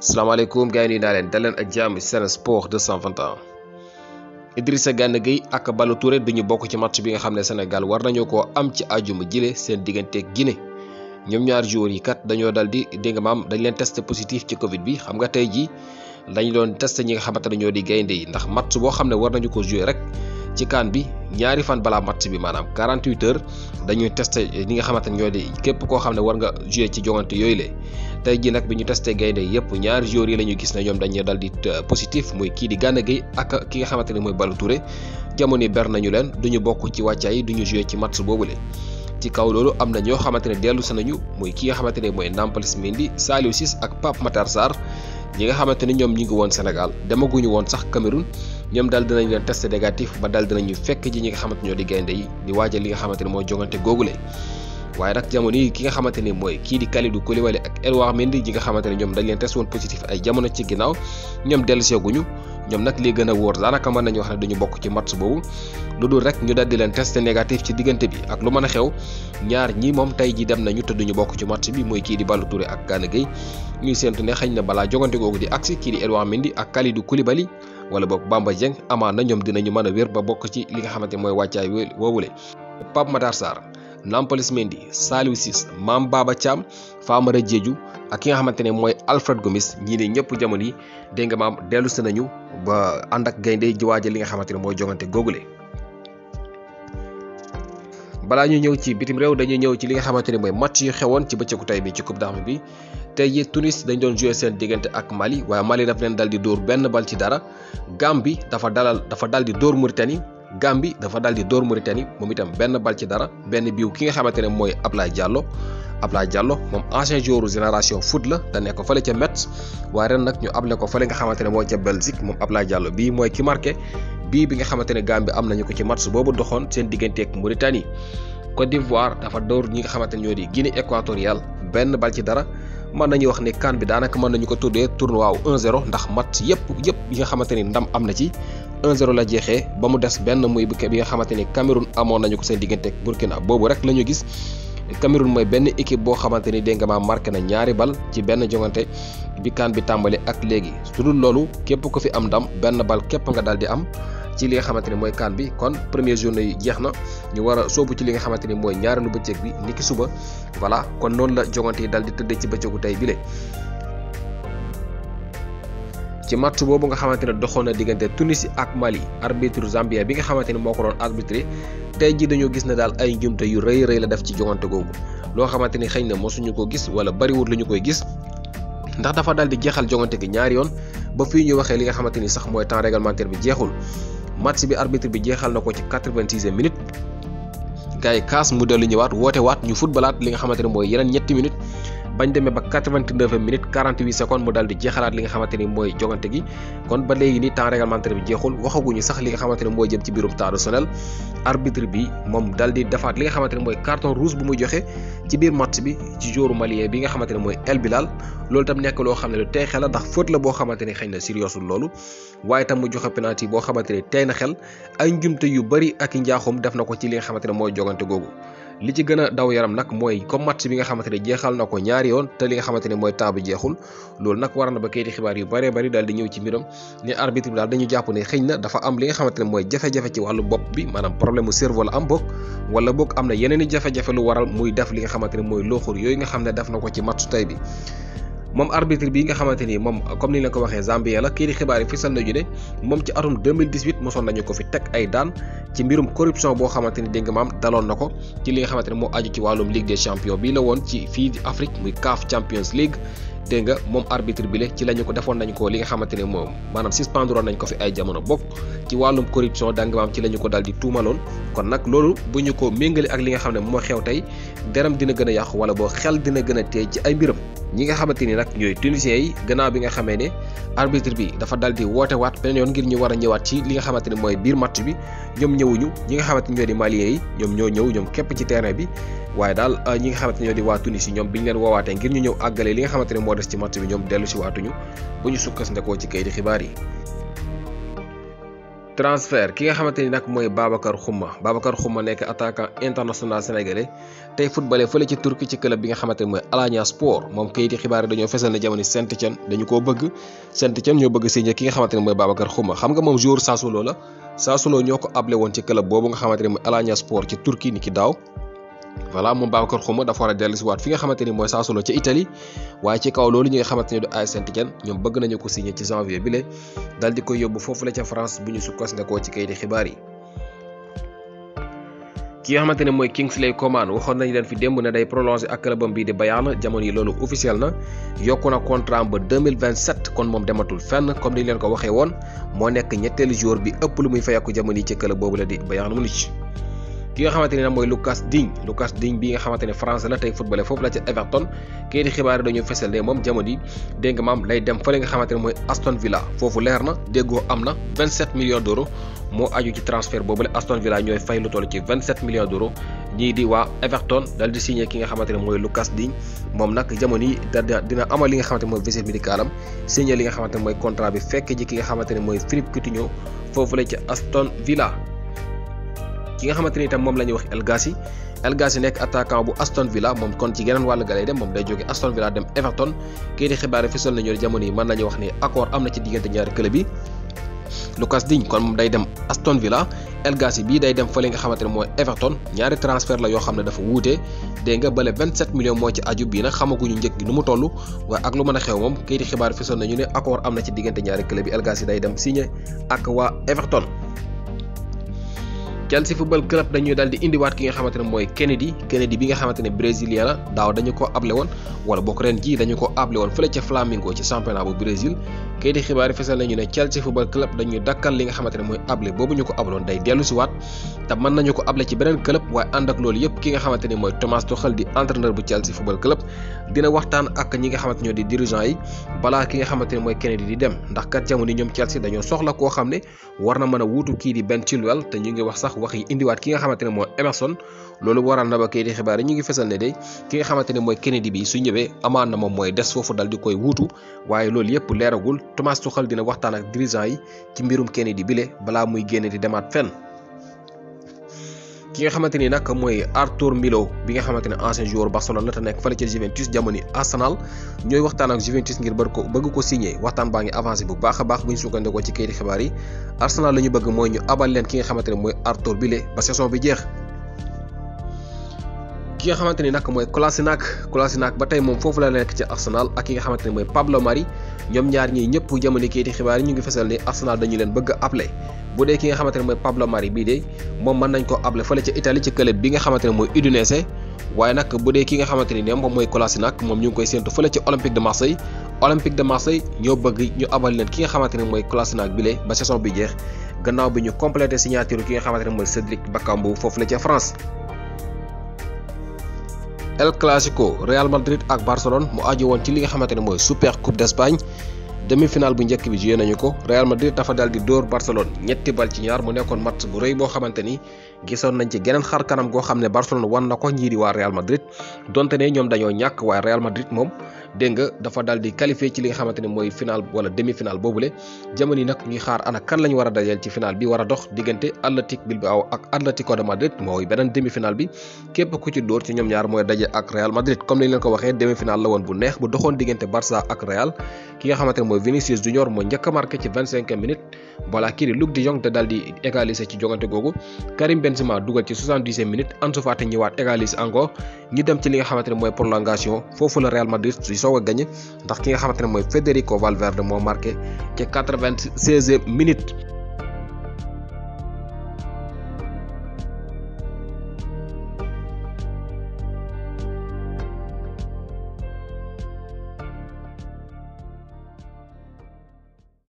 salaamaaleykum gars yi nuyu naa leen daleen ak jàmm Sen Sport 221 Idrissa Gana gi ak Ballo Touré duñu bokk ci match bi nga xam ne Sénégal war nañoo ko am ci àjjuma jile seen digganteeg gine ñoom ñaari joueurs yi kat dañoo dal di dégg maam dañ leen testé positif ci Covid bi xam nga tey jii dañu doon testé ñi nga xamante ne ñoo di gaynde yi ndax match boo xam ne war nañu ko joué rek ci kaan bi ñaari fan balaa match bi maanaam 48 heures dañuy testé ñi nga xamante ne ñoo di képp koo xam ne war nga joué ci jongante yooyu le tey ji nag bi ñu testé gaynde yëpp ñaari joueurs yi la ñu gis ne ñoom dañu dal di euh, positif muy kii di Gana Gueye ak ki nga xamante ne mooy Ballo Touré jamono yi ber nañu leen duñu bokk ci wàccaay yi duñu joué ci boobu boobule ci kaw loolu am na ñoo xamante ne dellu sa nañu muy ki nga xamante ne mooy Nampalys Mendy Saliou Ciss ak pap Matar Sarr ñi nga xamante ne ñoom ñu ngi woon Sénégal demaguñu woon sax Cameroun ñoom daal dinañ leen test négatif ba daal dinañu fekk ji ñi nga xamante ñoo di gaynde yi di waajal li nga xamante ne mooy jongante googule waaye nag jamono yi ki nga xamante ne mooy kii di Kalidou Koulibaly ak Edouard Mendy ji nga xamante ne ñoom dañ leen test woon positif ay jamono ci ginnaaw ñoom dellusee guñu ñoom nag li gën a wóor daanaka mën nañu wax ne duñu bokk ci match boobu lu dul rek ñu daldi leen testé négatif ci diggante bi ak lu mën a xew ñaar ñii moom tey ji dem nañu te duñu bokk ci match bi mooy kii di Ballo Touré ak Gana Gueye ñuy séentu ne xëy na balaa jogante kooku di agsi kii di Edouard Mendy ak Kalidou Koulibaly wala boog Bamba Dieng amaan na ñoom dinañu mën a wér ba bokk ci li nga xamante mooy wàccaay woowule Pape Matar Sarr Nampalys Mendy Saliou Ciss Mame Baba Thiam Famara Diédhiou ak ki nga xamante ne mooy Alfred Gomis ñii ne ñëpp jamono yi dégg nga dellu si nañu ba ànd ak gaynde ji waaja li nga xamante ne mooy jongante googule balaa ñu ñëw ci bitim réew dañuy ñëw ci li nga xamante ne mooy match yu xewoon ci bëccëgu tey bi ci coupe d'Afrique bi tey yi Tunis dañ doon joué seen diggante ak Mali waaye Mali daf leen dal di dóor benn bal ci dara Gambie dafa dalal dafa dal di dóor Mauritanie Gambie dafa daal di dóor Mauritanie moom itam benn bal ci dara benn biiw ki nga xamante ne mooy Ablaye Diallo Ablaye Diallo moom ancien joueur génération foot la da nekk fële ca Metz waaye ren nag ñu able ko fële nga xamante ne mooy ca Belgique moom Ablaye Diallo bii mooy ki marqué bii bi nga xamante ne Gambie am nañu ko ci match boobu doxoon seen digganteeg Mauritanie. Côte d'Ivoire dafa dóor ñi nga xamante ne ñoo di Guinée équatoriale benn bal ci dara. mën nañu wax ni kan bi daanaka mën nañu ko tuddee tournoi wu 1 ndax match yëpp yëpp yi nga xamante ni ndam am na ci 1-0 la jeexee ba mu des benn muy bi nga xamante ni Cameroun amoon nañu ko seen diggante ak Burkina boobu rek la ñu gis Cameroun mooy benn équipe boo xamante ni dégg maa marqué na ñaari bal ci benn jongante bi kaan bi tàmbali ak léegi su dul loolu képp ko fi am ndam benn bal képp nga daal di am. ci li nga xamante ni mooy kan bi kon premier journée yi jeex na ñu war a soobu ci li nga xamante ni mooy ñaareelu bëccëg bi niki suba voilà kon noonu la jogante yi dal di tëddee ci bëccëgu tey bile. ci match boobu nga xamante ne doxoon na diggante Tunisie ak Mali arbitre Zambia bi nga xamante ne moo ko doon arbitré tey ji dañoo gis ne daal ay njumte yu rëy rëy la def ci joŋante googu loo xamante ni xëy na mosuñu ko gis wala bariwul lu ñu koy gis ndax dafa daal di jeexal joŋante gi ñaari yoon ba fii ñu waxee li nga xamante ni sax mooy temps réglementaire bi jeexul match bi arbitre bi jeexal na ko ci 86e minute gars kaas mu dellu ñëwaat woote waat ñu footballaat li nga xamante ne mooy yeneen ñetti bañ demee ba 89 minutes 48 secondes mu daal di jeexalaat li nga xamante ni mooy jogante gi kon ba léegi ni temps réglementaire bi jeexul waxaguñu sax li nga xamante ne mooy jëm ci biirum temps additionnel arbitre bi moom daal di defaat li nga xamante ne mooy carton rouge bu muy joxe ci biir match bi ci jooru malien bi nga xamante ne mooy El Bilal loolu tam nekk loo xam ne lu tey xel la ndax faute la boo xamante ne xëy na sérieusul loolu waaye tam mu joxe penalty boo xamante ne tey na xel ay njumte yu bari ak njaaxum def na ko ci li nga xamante ne mooy jogante googu li ci gën a daw yaram nag mooy comme match bi nga xamante ne jeexal na ko ñaari yoon te li nga xamante ne mooy taabu jeexul loolu nag war na ba kayiti xibaar yu bëree bëri daal di ñëw ci mbiram ne arbitre bi daal dañu jàpp ne xëy na dafa am li nga xamante ne mooy jafe-jafe ci wàllu bopp bi maanaam problème mu cerveau am boog wala boog am na yeneen jafe-jafe lu waral muy def li nga xamante ne mooy looxur yooyu nga xam ne def na ko ci match tay bi moom arbitre bi nga xamante ni moom comme ni la ko waxee Zambie la kii di xibaar yi fisal nañu ne moom ci atum 2018 mosoon nañu ko fi teg ay daan ci mbirum corruption boo xamante ni na ko ci li xamante ne moo aju ci wàllum Ligue des champions bii woon ci fii di Afrique muy CAF Champions moom arbitre bi la ci la ko defoon nañ ko li nga xamante ne moom maanaam suspendroon nañ ko fi ay jamono bokk ci wàllum corruption danga maam ci la ñu ko daal di tuumaloon kon nag loolu bu ñu ko méngale ak li nga xam ne moo xew tey deram dina gën a yàqu wala boo xel dina gën a teey ci ay mbiram ñi nga xamante ni nag ñooy tunisiens yi gannaaw bi nga xamee ne arbitre bi dafa dal di woote waat beneen yoon ngir ñu war a ñëwaat ci li nga xamante ne mooy biir match bi ñoom ñëwuñu ñi nga xamante ni ñoo di ñoom ñoo ñëw ñoom képp ci terrain bi waaye daal euh, ñi nga xamante ne ñoo di waa Tunisie ñoom bi ñu leen woowaatee ngir ñu ñëw àggale li nga xamante ne moo des ci match bi ñoom dellu si waatuñu bu ñu sukkas ndekoo ci kayit di xibaar yi transfert ki nga xamante ni nag mooy Babacar Xuma Babacar Xuma nekk attaquant international sénégalais tey footballé fële ci Turquie ci club bi nga xamante ni mooy Alanya Sport moom kayiti xibaar yi dañoo fesal na jamono Saint-Étienne dañu koo bëgg Saint-Étienne ñoo bëgg signé ki nga xamante ni mooy Babacar Xuma xam nga moom joueur Sassuolo la Sassuolo ñoo ko ablé woon ci club boobu nga xamante ni mooy Alanya Sport ci Turquie ni ki daaw voilà moom Babacar Xuma dafa war a dellu fi nga xamante ni mooy Sassuolo ca Italie waaye ci kaw loolu ñi nga xamante ni du AS saint ko signé ci janvier bi la dal di koy yóbbu foofu la ca France bu ñu sukkandikoo ci kayiti xibaar yi. ki nga xamante ne mooy Kingsley Coman waxoon nañu leen fi démb ne day prolongé ak clubam bii di Bayern jamono yi loolu officiel na yokku na contrat ba 2027 kon moom dematul fenn comme ni leen ko waxee woon moo nekk ñetteelu joueur bi lu muy fayeku jamono yi ci club boobu la di Bayern Munich. ki nga xamante ni nag mooy Lucas Digne Lucas Digne bi nga xamante ne français la tey footballeur foofu la ca Everton kii di xibaar dañoo fesal ne moom jamono yi dégg nga maam lay dem fële nga xamante ne mooy Aston Villa foofu leer na déggoo am na 27 millions d' moo aju ci transfert boobule Aston Villa ñooy fay lu toll ci 27 millions d' ñii di waa Everton dal di ki nga xamante mooy Lucas Digne moom nag jamono yi da dina amal li nga xamante ne mooy visite médicale am signé li nga ne mooy contrat bi fekk ji la ki nga xamanteni tam mom lañuy wax El Gassi El Gassi nek attaquant bu Aston Villa mom kon ci geneen walu galay dem mom day joggé Aston Villa dem Everton ki di xibaar fi sol nañu jamono yi man lañuy wax ni accord amna ci digënté ñaar club yi Lucas Digne kon mom day dem Aston Villa El Gassi bi day dem fa li nga xamanteni moy Everton ñaari transfert la yo xamne dafa wuté de nga balé 27 millions mo ci aju bi nak xamaguñu ñëk gi numu tollu wa ak lu mëna xew mom di xibaar fi son nañu ne accord amna ci digënté ñaari club yi El Gassi day dem signé ak wa Everton Chelsea football club dañuy daal indiwaat ki nga xamante mooy Kennedy Kennedy bi nga xamante ne la daaw dañu ko able woon wala bokk ren jii dañu ko able woon fële ca Flamengo ci championnat bu Brésil kayiti xibaar yi fesal nañu ne Chelsea football club dañuy dakkal li nga xamante mooy able boobu ñu ko abloon day dellu waat te mën nañu ko able ci beneen club waaye ànd ak loolu yëpp ki nga xamante mooy Thomas Tuchel di entraîneur bu Chelsea wax yi indiwaat ki nga xamante ne mooy Emerson loolu waral na ba kayiti xibaar yi ñu ngi fesal ne de ki nga xamante ne mooy Kennedy bi su ñëwee amaan na moom mooy des foofu dal di koy wuutu waaye loolu yëpp leeragul Thomas Tuchel dina waxtaan ak dirigeant yi ci mbirum Kennedy bile balaa muy génne di demaat fenn. ki nga xamante ni nag mooy Arthur Milo bi nga xamante ne ancien joueur Barcelone la te nekk fële ca Juventus jamono Arsenal ñooy waxtaan ak Juventus ngir bëgg ko bëgg ko signé waxtaan baa ngi avancé bu baax a baax bu ñu sukkandikoo ci kayiti xibaar yi Arsenal la bëgg mooy ñu abal leen ki nga xamante ne mooy Arthur Bile ba saison bi jeex. ki nga xamante ni nag mooy Kolasinac Kolasinac ba tey moom foofu la nekk ci Arsenal ak ki nga xamante ne mooy Pablo Mari ñoom ñaar ñii ñëpp jamono kayiti xibaar yi ñu ngi fesal ni Arsenal dañu leen bëgg a appelé bu dee ki nga mooy Pablo bii de moom mën nañ ko able fële ca Italie ci club bi nga xamante ne mooy Udinese waaye nag bu dee ki nga xamante ni ne moom mooy Kolasinac moom ñu ngi koy séentu fële ca Olympique de Marseille Olympique de Marseille ñoo bëgg ñu abal leen ki nga xamante ne mooy Kolasinac bile ba saison bi jeex gannaaw bi ñu complété signature ki nga xamante ne mooy Cédric Bakambu foofu la ca France. El Clasico Real Madrid ak Barcelone mu aju woon ci li nga xamante ne mooy Super Coupe d'Espagne. demi final bu njëkk bi joué nañu ko Real Madrid dafa dal di dóor Barcelone ñetti bal ci ñaar mu nekkoon match bu rëy boo xamante ni gisoon nañ ci geneen xar kanam goo xam ne Barcelone wan na ko njii di waa Real Madrid donte ne ñoom dañoo ñàkk waaye Real Madrid moom dégg nga dafa dal di qualifié ci li nga xamante ni mooy final wala demi-finale boobule jamono nag ñuy xaar ana kan lañu war a dajeel ci final bi war a dox diggante Athletic Bilbao ak Atlético de Madrid mooy beneen demi-finale bi képp ku ci dóor ci ñoom ñaar mooy daje ak Real Madrid comme ni leen ko bu neex bu doxoon diggante Barça ak Real ki nga xamante ne mooy Vinicius Junior moo njëkk a marqué ci vingt cinq minutes voilà kii di Luc de Jong te daal di égaliser ci jogante googu Karim Benzema dugal ci soixante dixième minute Ansu égalise encore ñi dem ci li nga xamante mooy prolongation foofu la Real Madrid si soog a gagné ndax ki nga xamante ne mooy Federico Valverde moo marqué ci quatre vingt seizième